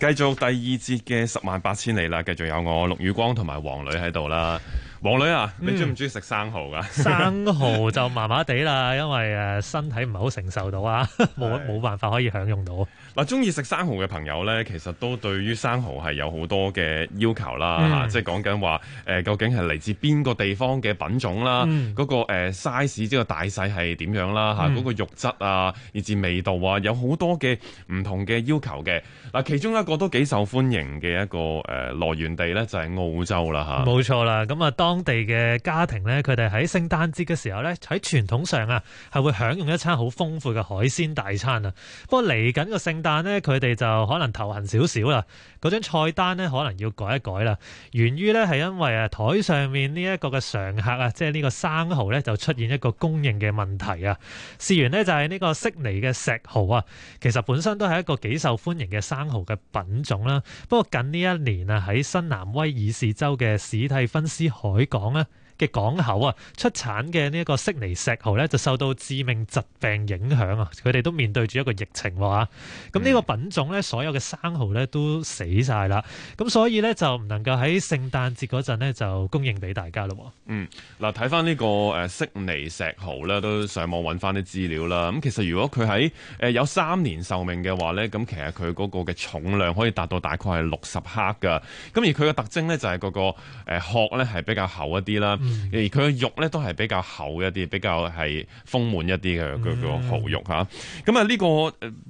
繼續第二節嘅十萬八千里啦，繼續有我陸宇光同埋黃女喺度啦。黃女啊，嗯、你鍾唔鍾意食生蠔噶？生蠔就麻麻地啦， 因為誒身體唔係好承受到啊，冇冇辦法可以享用到。嗱，中意食生蠔嘅朋友呢，其實都對於生蠔係有好多嘅要求啦，嗯、即係講緊話，誒、呃，究竟係嚟自邊個地方嘅品種啦，嗰、嗯、個 size 即係大細係點樣啦，嚇、嗯，嗰個肉質啊，以至味道啊，有好多嘅唔同嘅要求嘅。嗱，其中一個都幾受歡迎嘅一個誒來源地呢，就係澳洲啦，嚇。冇錯啦，咁啊，當地嘅家庭呢，佢哋喺聖誕節嘅時候呢，喺傳統上啊，係會享用一餐好豐富嘅海鮮大餐啊。不過嚟緊個聖但咧，佢哋就可能頭痕少少啦。嗰張菜單呢，可能要改一改啦。源於呢，係因為啊，台上面呢一個嘅常客啊，即係呢個生蠔呢，就出現一個供應嘅問題啊。事源呢，就係呢個悉尼嘅石蠔啊，其實本身都係一個幾受歡迎嘅生蠔嘅品種啦。不過近呢一年啊，喺新南威爾士州嘅史蒂芬斯海港呢，嘅港口啊，出產嘅呢一個悉尼石蠔咧，就受到致命疾病影響啊！佢哋都面對住一個疫情喎。咁呢個品種咧，所有嘅生蠔咧都死晒啦。咁所以咧就唔能夠喺聖誕節嗰陣咧就供應俾大家咯。嗯，嗱睇翻呢個誒悉尼石蠔咧，都上網揾翻啲資料啦。咁其實如果佢喺誒有三年壽命嘅話咧，咁其實佢嗰個嘅重量可以達到大概係六十克噶。咁而佢嘅特徵咧就係嗰個誒殼咧係比較厚一啲啦。而佢嘅肉咧都係比較厚一啲，比較係豐滿一啲嘅嗰個蠔肉吓。咁、mm hmm. 啊呢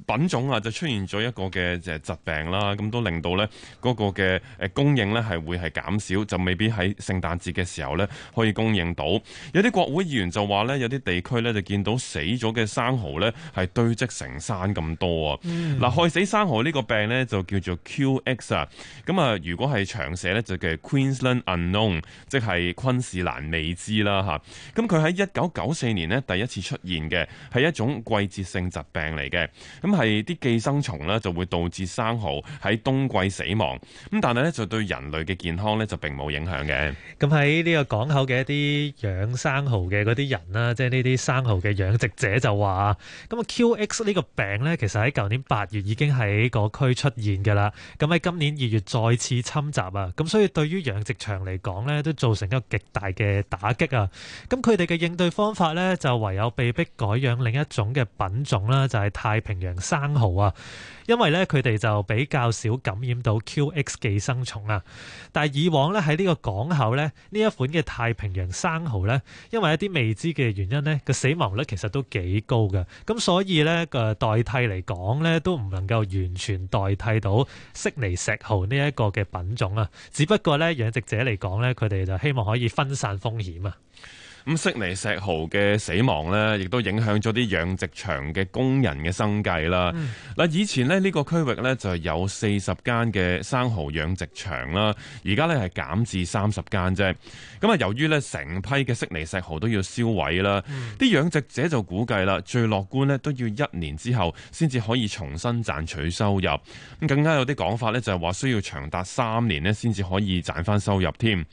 個品種啊就出現咗一個嘅疾病啦，咁都令到咧、嗰個嘅誒供應咧係會係減少，就未必喺聖誕節嘅時候咧可以供應到。有啲國會議員就話咧，有啲地區咧就見到死咗嘅生蠔咧係堆積成山咁多、mm hmm. 啊！嗱，害死生蠔呢個病咧就叫做 QX 啊。咁啊，如果係長寫咧就叫 Queensland unknown，即係昆士蘭。難未知啦，吓，咁佢喺一九九四年呢第一次出現嘅，係一種季節性疾病嚟嘅，咁係啲寄生蟲呢就會導致生蠔喺冬季死亡，咁但係呢就對人類嘅健康呢就並冇影響嘅。咁喺呢個港口嘅一啲養生蠔嘅嗰啲人啦，即係呢啲生蠔嘅養殖者就話，咁啊 QX 呢個病呢，其實喺舊年八月已經喺嗰區出現㗎喇，咁喺今年二月再次侵襲啊，咁所以對於養殖場嚟講呢，都造成一個極大。嘅打擊啊，咁佢哋嘅應對方法咧，就唯有被逼改養另一種嘅品種啦，就係太平洋生蠔啊，因為咧佢哋就比較少感染到 QX 寄生蟲啊。但係以往咧喺呢個港口咧，呢一款嘅太平洋生蠔咧，因為一啲未知嘅原因咧，個死亡率其實都幾高嘅。咁所以咧個代替嚟講咧，都唔能夠完全代替到悉尼石蠔呢一個嘅品種啊。只不過咧，養殖者嚟講咧，佢哋就希望可以分。散風險啊！咁悉尼石蠔嘅死亡呢，亦都影響咗啲養殖場嘅工人嘅生計啦。嗱，以前呢，呢個區域呢就係有四十間嘅生蠔養殖場啦，而家呢係減至三十間啫。咁啊，由於呢成批嘅悉尼石蠔都要銷毀啦，啲養殖者就估計啦，最樂觀呢都要一年之後先至可以重新賺取收入。咁更加有啲講法呢，就係話需要長達三年呢先至可以賺翻收入添。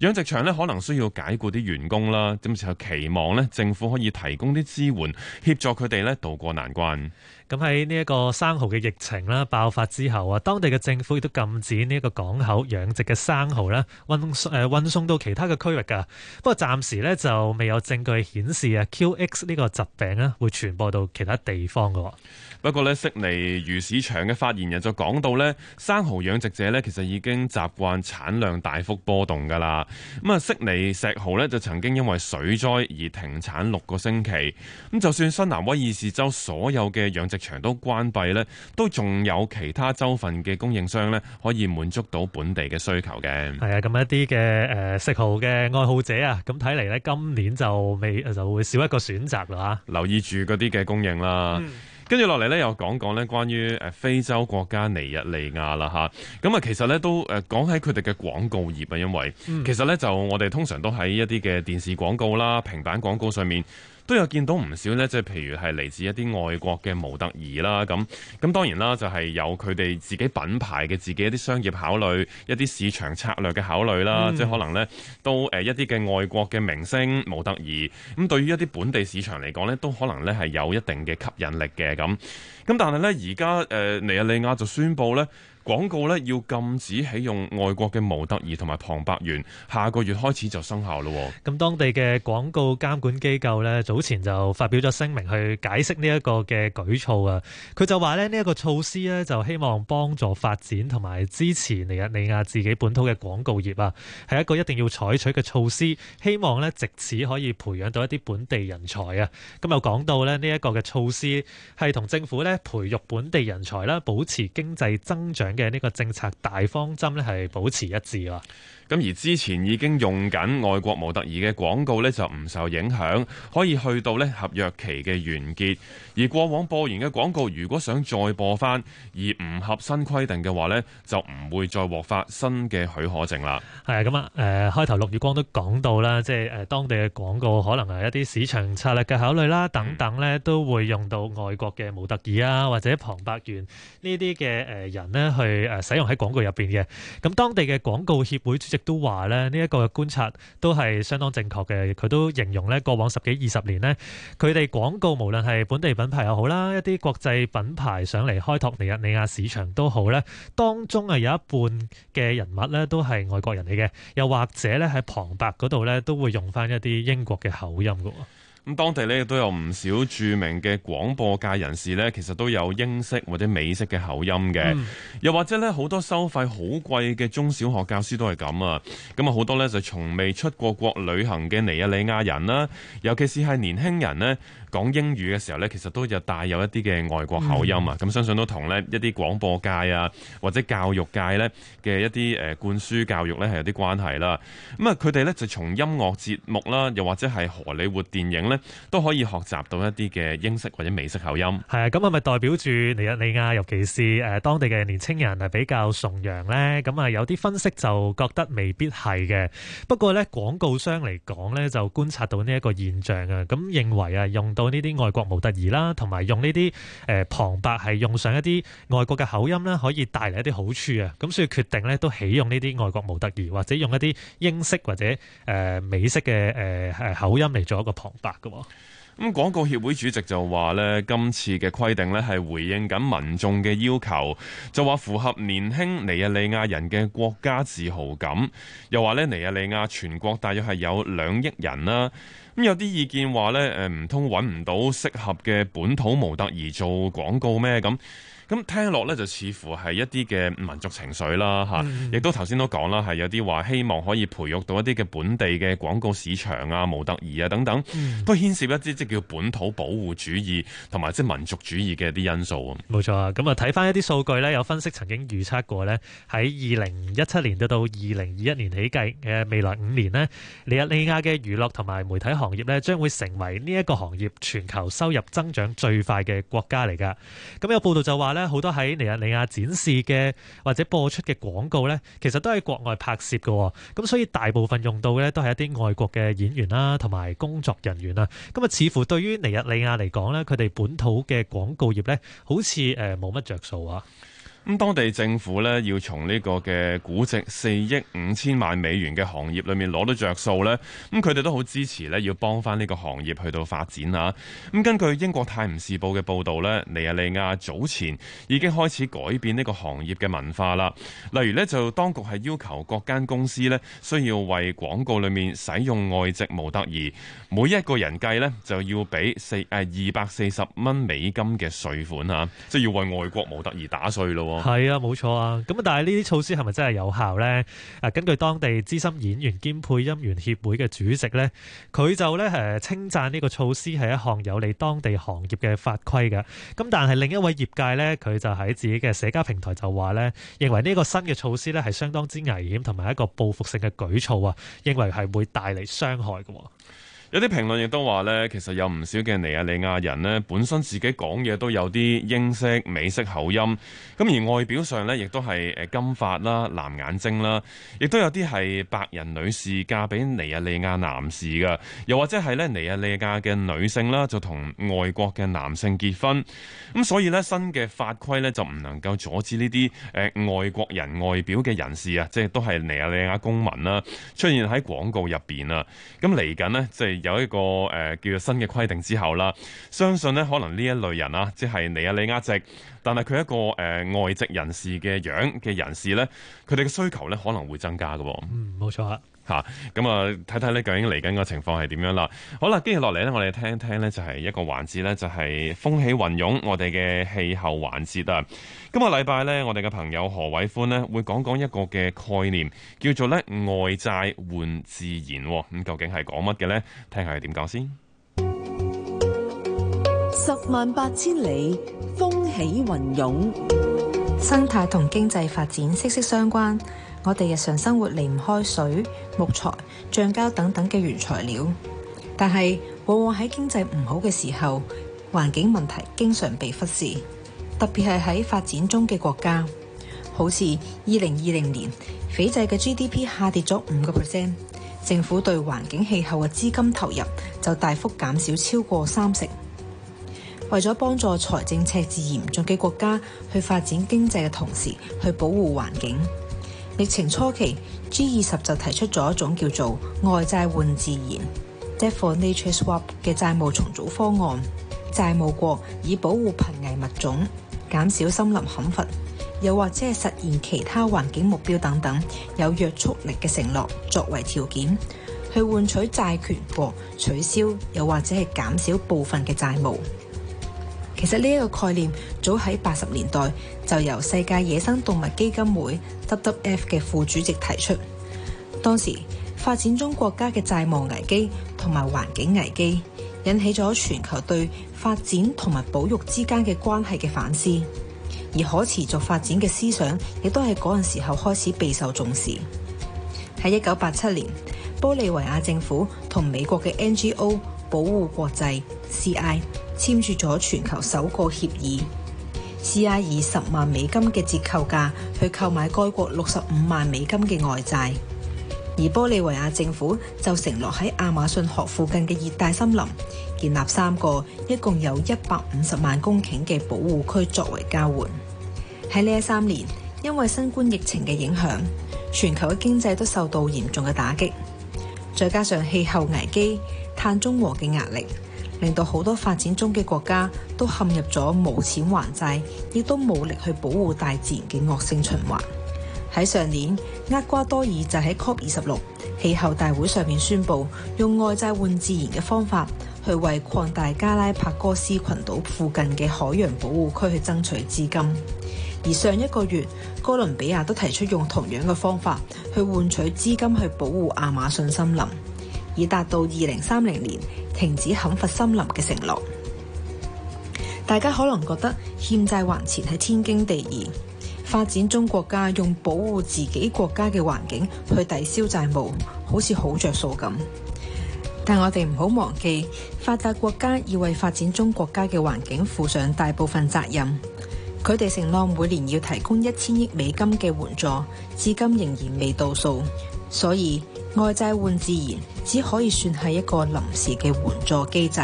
養殖場咧，可能需要解雇啲員工啦，咁就期望咧，政府可以提供啲支援，協助佢哋咧，渡過難關。咁喺呢一個生蠔嘅疫情啦爆發之後啊，當地嘅政府亦都禁止呢一個港口養殖嘅生蠔啦運誒運、呃、送到其他嘅區域噶。不過暫時咧就未有證據顯示啊 QX 呢個疾病咧會傳播到其他地方噶。不過咧悉尼魚市場嘅發言人就講到咧，生蠔養殖者咧其實已經習慣產量大幅波動噶啦。咁啊悉尼石蠔咧就曾經因為水災而停產六個星期。咁就算新南威爾士州所有嘅養殖場都關閉咧，都仲有其他州份嘅供應商咧，可以滿足到本地嘅需求嘅。係啊，咁一啲嘅誒，食蠔嘅愛好者啊，咁睇嚟咧，今年就未就會少一個選擇啦。留意住嗰啲嘅供應啦，跟住落嚟咧，又講講咧關於誒非洲國家尼日利亞啦，吓，咁啊，其實咧都誒講喺佢哋嘅廣告業啊，因為、嗯、其實咧就我哋通常都喺一啲嘅電視廣告啦、平板廣告上面。都有見到唔少呢，即係譬如係嚟自一啲外國嘅模特兒啦，咁咁當然啦，就係、是、有佢哋自己品牌嘅自己一啲商業考慮、一啲市場策略嘅考慮啦，嗯、即可能呢都、呃、一啲嘅外國嘅明星模特兒，咁對於一啲本地市場嚟講呢都可能呢係有一定嘅吸引力嘅咁。咁但係呢，而家誒尼日利亞就宣布呢。廣告咧，要禁止啟用外國嘅模特兒同埋旁白員，下個月開始就生效咯。咁當地嘅廣告監管機構早前就發表咗聲明去解釋呢一個嘅舉措啊。佢就話呢一個措施呢，就希望幫助發展同埋支持尼日利亞自己本土嘅廣告業啊，係一個一定要採取嘅措施，希望呢借此可以培養到一啲本地人才啊。咁又講到咧呢一個嘅措施係同政府培育本地人才啦，保持經濟增長。嘅呢個政策大方針呢係保持一致啊！咁而之前已經用緊外國模特兒嘅廣告呢，就唔受影響，可以去到呢合約期嘅完結。而過往播完嘅廣告，如果想再播翻而唔合新規定嘅話呢，就唔會再獲發新嘅許可證啦。係啊，咁、呃、啊，誒開頭陸宇光都講到啦，即係誒、呃、當地嘅廣告可能係一啲市場策略嘅考慮啦，等等呢，嗯、都會用到外國嘅模特兒啊，或者旁白員呢啲嘅誒人呢。去。去使用喺廣告入邊嘅，咁當地嘅廣告協會主席都話咧，呢一個觀察都係相當正確嘅。佢都形容咧，過往十幾二十年呢，佢哋廣告無論係本地品牌又好啦，一啲國際品牌上嚟開拓尼日利亞市場都好咧，當中啊有一半嘅人物咧都係外國人嚟嘅，又或者咧喺旁白嗰度咧都會用翻一啲英國嘅口音嘅。咁當地咧亦都有唔少著名嘅廣播界人士咧，其實都有英式或者美式嘅口音嘅，嗯、又或者咧好多收費好貴嘅中小學教師都係咁啊！咁啊好多咧就從未出過國旅行嘅尼日利亞人啦，尤其是係年輕人咧講英語嘅時候咧，其實都有帶有一啲嘅外國口音啊！咁、嗯、相信都同咧一啲廣播界啊或者教育界咧嘅一啲誒灌輸教育咧係有啲關係啦。咁啊佢哋咧就從音樂節目啦，又或者係荷里活電影呢都可以學習到一啲嘅英式或者美式口音。係啊，咁係咪代表住尼日利亞，尤其是誒當地嘅年青人係比較崇洋咧？咁啊，有啲分析就覺得未必係嘅。不過咧，廣告商嚟講咧，就觀察到呢一個現象啊，咁認為啊，用到呢啲外國模特兒啦，同埋、啊、用呢啲誒旁白係用上一啲外國嘅口音啦，可以帶嚟一啲好處啊。咁所以決定咧，都起用呢啲外國模特兒，或者用一啲英式或者誒、呃、美式嘅誒、呃、口音嚟做一個旁白。咁廣告協會主席就話呢，今次嘅規定呢，係回應緊民眾嘅要求，就話符合年輕尼日利亞人嘅國家自豪感，又話呢，尼日利亞全國大約係有兩億人啦，咁有啲意見話呢，誒唔通揾唔到適合嘅本土模特兒做廣告咩咁？咁聽落咧，就似乎係一啲嘅民族情緒啦，吓、嗯，亦都頭先都講啦，係有啲話希望可以培育到一啲嘅本地嘅廣告市場啊、模特兒啊等等，都牽涉一啲即係叫本土保護主義同埋即係民族主義嘅一啲因素啊！冇錯啊！咁啊，睇翻一啲數據咧，有分析曾經預測過咧，喺二零一七年到到二零二一年起計誒未來五年咧，尼日利亞嘅娛樂同埋媒體行業咧，將會成為呢一個行業全球收入增長最快嘅國家嚟㗎。咁有報道就話，咧好多喺尼日利亞展示嘅或者播出嘅廣告咧，其實都喺國外拍攝嘅，咁所以大部分用到咧都係一啲外國嘅演員啦，同埋工作人員啊，咁啊似乎對於尼日利亞嚟講咧，佢哋本土嘅廣告業咧，好似誒冇乜着數啊。咁當地政府呢，要從呢個嘅估值四億五千萬美元嘅行業裏面攞到着數呢，咁佢哋都好支持呢，要幫翻呢個行業去到發展啊！咁根據英國泰晤士報嘅報導呢，尼日利亞早前已經開始改變呢個行業嘅文化啦。例如呢，就當局係要求各間公司呢，需要為廣告裏面使用外籍模特兒，每一個人計呢就要俾四誒二百四十蚊美金嘅稅款嚇，即係要為外國模特兒打稅咯。係啊，冇錯啊，咁但係呢啲措施係咪真係有效呢？啊，根據當地資深演員兼配音員協會嘅主席呢，佢就咧誒稱讚呢個措施係一項有利當地行業嘅法規嘅。咁但係另一位業界呢，佢就喺自己嘅社交平台就話呢，認為呢個新嘅措施呢係相當之危險，同埋一個報復性嘅舉措啊，認為係會帶嚟傷害嘅。有啲評論亦都話咧，其實有唔少嘅尼日利亞人咧，本身自己講嘢都有啲英式、美式口音，咁而外表上呢，亦都係誒金髮啦、藍眼睛啦，亦都有啲係白人女士嫁俾尼日利亞男士嘅，又或者係咧尼日利亞嘅女性啦，就同外國嘅男性結婚，咁所以呢，新嘅法規呢，就唔能夠阻止呢啲誒外國人外表嘅人士啊，即係都係尼日利亞公民啦，出現喺廣告入邊啊，咁嚟緊呢，即係。有一個誒、呃，叫做新嘅規定之後啦，相信呢可能呢一類人啊，即係尼日利亞籍，但係佢一個誒、呃、外籍人士嘅樣嘅人士呢，佢哋嘅需求咧可能會增加嘅。嗯，冇錯啊。吓，咁啊，睇睇呢究竟嚟緊個情況係點樣啦。好啦，跟住落嚟呢，我哋聽一聽咧，就係一個環節呢就係風起雲湧，我哋嘅氣候環節啊。今個禮拜呢，我哋嘅朋友何偉歡呢，會講講一個嘅概念，叫做呢外債換自然。咁究竟係講乜嘅呢？聽下佢點講先。十萬八千里，風起雲湧，生態同經濟發展息息相關。我哋日常生活離唔開水、木材、橡膠等等嘅原材料，但係往往喺經濟唔好嘅時候，環境問題經常被忽視，特別係喺發展中嘅國家。好似二零二零年，斐濟嘅 GDP 下跌咗五個 percent，政府對環境氣候嘅資金投入就大幅減少超過三成。為咗幫助財政赤字嚴重嘅國家去發展經濟嘅同時，去保護環境。疫情初期，G 二十就提出咗一種叫做外債換自然 d e f i r i t a t y Swap） 嘅債務重組方案，債務國以保護瀕危物種、減少森林砍伐，又或者實現其他環境目標等等有約束力嘅承諾作為條件，去換取債權國取消，又或者係減少部分嘅債務。其實呢一個概念早喺八十年代就由世界野生動物基金會 WWF 嘅副主席提出。當時發展中國家嘅債務危機同埋環境危機，引起咗全球對發展同埋保育之間嘅關係嘅反思，而可持續發展嘅思想亦都係嗰陣時候開始備受重視。喺一九八七年，玻利維亞政府同美國嘅 NGO 保護國際 （CI），簽署咗全球首個協議，試下以十萬美金嘅折扣價去購買該國六十五萬美金嘅外債，而玻利維亞政府就承諾喺亞馬遜河附近嘅熱帶森林建立三個，一共有一百五十萬公頃嘅保護區作為交換。喺呢三年，因為新冠疫情嘅影響，全球嘅經濟都受到嚴重嘅打擊，再加上氣候危機、碳中和嘅壓力。令到好多發展中嘅國家都陷入咗冇錢還債，亦都冇力去保護大自然嘅惡性循環。喺上年，厄瓜多爾就喺 COP 二十六氣候大會上面宣布，用外債換自然嘅方法，去為擴大加拉帕戈斯群島附近嘅海洋保護區去爭取資金。而上一個月，哥倫比亞都提出用同樣嘅方法，去換取資金去保護亞馬遜森林，以達到二零三零年，停止砍伐森林嘅承諾，大家可能覺得欠債還錢係天經地義，發展中國家用保護自己國家嘅環境去抵消債務好似好着數咁。但我哋唔好忘記，發達國家要為發展中國家嘅環境負上大部分責任。佢哋承諾每年要提供一千億美金嘅援助，至今仍然未到數。所以外債換自然，只可以算係一個臨時嘅援助機制。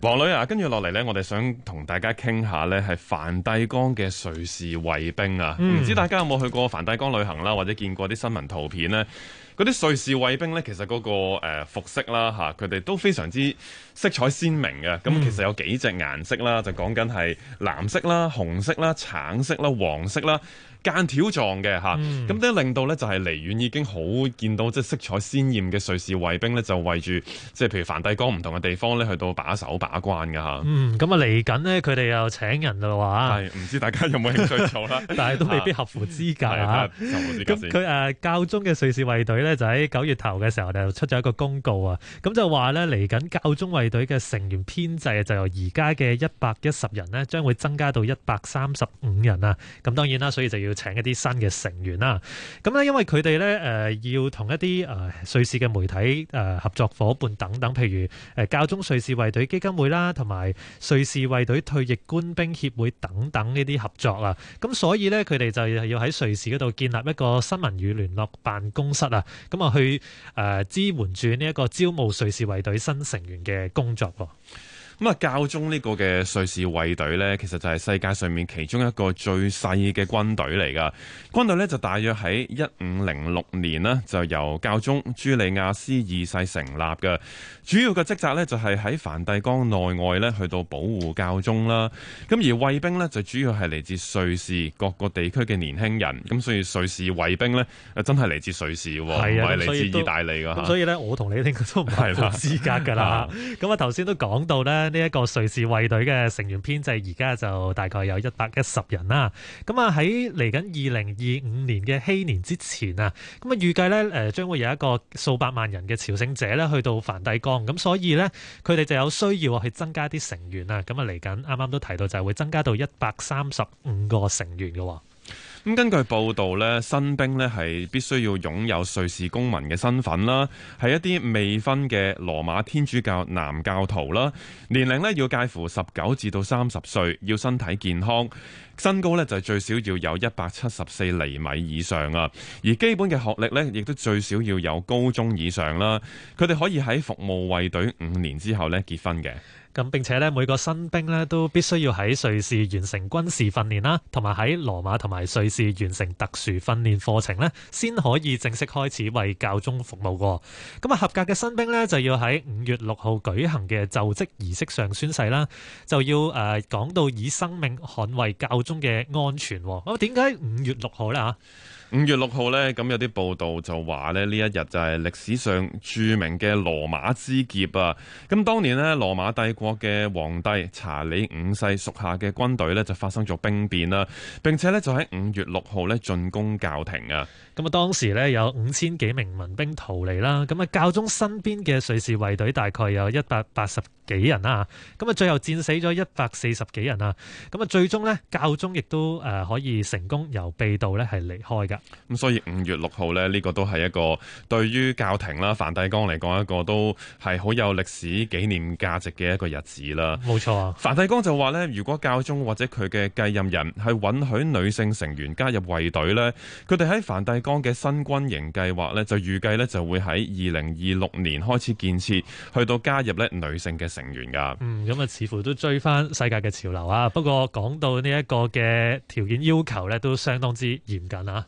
黃女啊，下來，跟住落嚟呢，我哋想同大家傾下呢係梵蒂岡嘅瑞士衛兵啊。唔、嗯、知大家有冇去過梵蒂岡旅行啦，或者見過啲新聞圖片呢？嗰啲瑞士衛兵呢，其實嗰個誒服飾啦吓，佢哋都非常之色彩鮮明嘅。咁、嗯、其實有幾隻顏色啦，就講緊係藍色啦、紅色啦、橙色啦、黃色啦。間條狀嘅嚇，咁咧、嗯、令到咧就係離遠已經好見到，即係色彩鮮豔嘅瑞士衛兵咧就圍住，即係譬如梵蒂岡唔同嘅地方咧去到把守把關嘅嚇。嗯，咁啊嚟緊呢，佢哋又請人啦喎。係，唔知大家有冇興趣做啦？ 但係都未必合乎資格啊。咁佢誒教宗嘅瑞士衛隊咧，就喺九月頭嘅時候就出咗一個公告啊，咁就話咧嚟緊教宗衛隊嘅成員編制就由而家嘅一百一十人呢，將會增加到一百三十五人啊。咁當然啦，所以就要。請一啲新嘅成員啦，咁咧因為佢哋咧誒要同一啲誒瑞士嘅媒體誒合作夥伴等等，譬如誒教宗瑞士衛隊基金會啦，同埋瑞士衛隊退役官兵協會等等呢啲合作啊。咁所以咧佢哋就要喺瑞士嗰度建立一個新聞與聯絡辦公室啊，咁啊去誒支援住呢一個招募瑞士衛隊新成員嘅工作喎。咁啊，教宗呢個嘅瑞士衛隊呢，其實就係世界上面其中一個最細嘅軍隊嚟噶。軍隊呢，就大約喺一五零六年呢，就由教宗朱利亞斯二世成立嘅。主要嘅職責呢，就係喺梵蒂岡內外呢，去到保護教宗啦。咁而衛兵呢，就主要係嚟自瑞士各個地區嘅年輕人。咁所以瑞士衛兵呢，真係嚟自瑞士嘅，唔係嚟自意大利噶、啊。所以呢，以我同你呢個都唔係資格噶啦。咁啊是吧，頭先都講到呢。呢一個瑞士衛隊嘅成員編制，而家就大概有一百一十人啦。咁啊，喺嚟緊二零二五年嘅禧年之前啊，咁啊預計咧誒，將、呃、會有一個數百萬人嘅朝聖者咧去到梵蒂岡，咁所以咧，佢哋就有需要去增加啲成員啊。咁啊，嚟緊啱啱都提到就係會增加到一百三十五個成員嘅。咁根據報道咧，新兵咧係必須要擁有瑞士公民嘅身份啦，係一啲未婚嘅羅馬天主教男教徒啦，年齡咧要介乎十九至到三十歲，要身體健康，身高咧就最少要有一百七十四厘米以上啊，而基本嘅學歷咧亦都最少要有高中以上啦，佢哋可以喺服務衛隊五年之後咧結婚嘅。咁並且咧，每個新兵咧都必須要喺瑞士完成軍事訓練啦，同埋喺羅馬同埋瑞士完成特殊訓練課程呢，先可以正式開始為教宗服務。咁啊，合格嘅新兵咧就要喺五月六號舉行嘅就職儀式上宣誓啦，就要誒講到以生命捍衛教宗嘅安全。咁點解五月六號咧嚇？五月六號呢，咁有啲報道就話呢，呢一日就係歷史上著名嘅羅馬之劫啊！咁當年呢，羅馬帝國嘅皇帝查理五世屬下嘅軍隊呢，就發生咗兵變啦，並且呢，就喺五月六號呢進攻教廷啊！咁啊當時呢，有五千幾名民兵逃離啦，咁啊教宗身邊嘅瑞士衛隊大概有一百八十幾人啦，咁啊最後戰死咗一百四十幾人啊！咁啊最終呢，教宗亦都誒可以成功由秘道呢係離開噶。咁所以五月六號呢，呢個都係一個對於教廷啦、梵蒂岡嚟講一個都係好有歷史紀念價值嘅一個日子啦。冇錯啊！梵蒂岡就話呢，如果教宗或者佢嘅繼任人係允許女性成員加入衛隊呢，佢哋喺梵蒂岡嘅新軍營計劃呢，就預計呢就會喺二零二六年開始建設，去到加入呢女性嘅成員噶。嗯，咁啊，似乎都追翻世界嘅潮流啊。不過講到呢一個嘅條件要求呢，都相當之嚴謹啊。